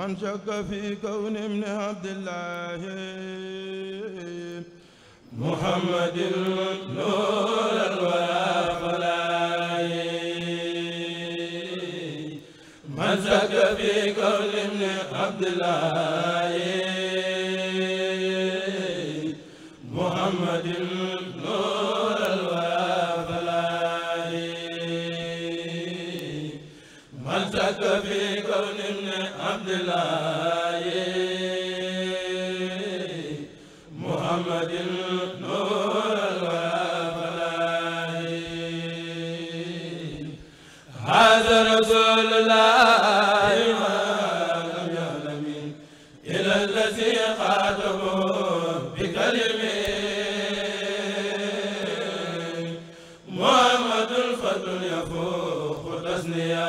من شك في كون ابن عبد الله محمد نور الورى خلاي من شك في كون ابن عبد الله man sakka fi kawni ibni Abdillahi Muhammadin nuural wafalaayi haada rasuulullaahi maalam ya'lamin ilal lazi xaatabahu bi kalimi Muhammadul fadl yafuuqu tasniya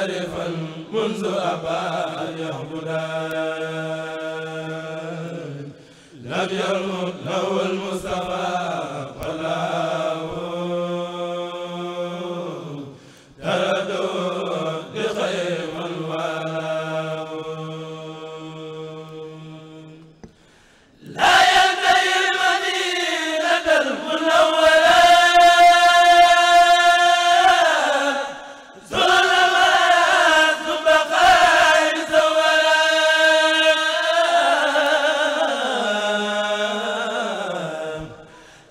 عارفا منذ أبى أن يعبدا لم يرضى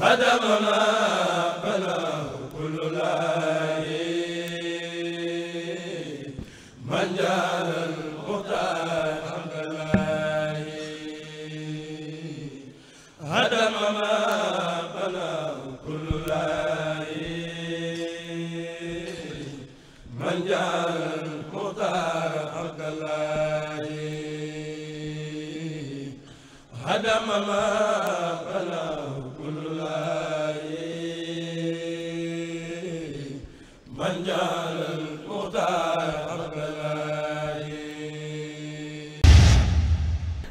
adama ma bala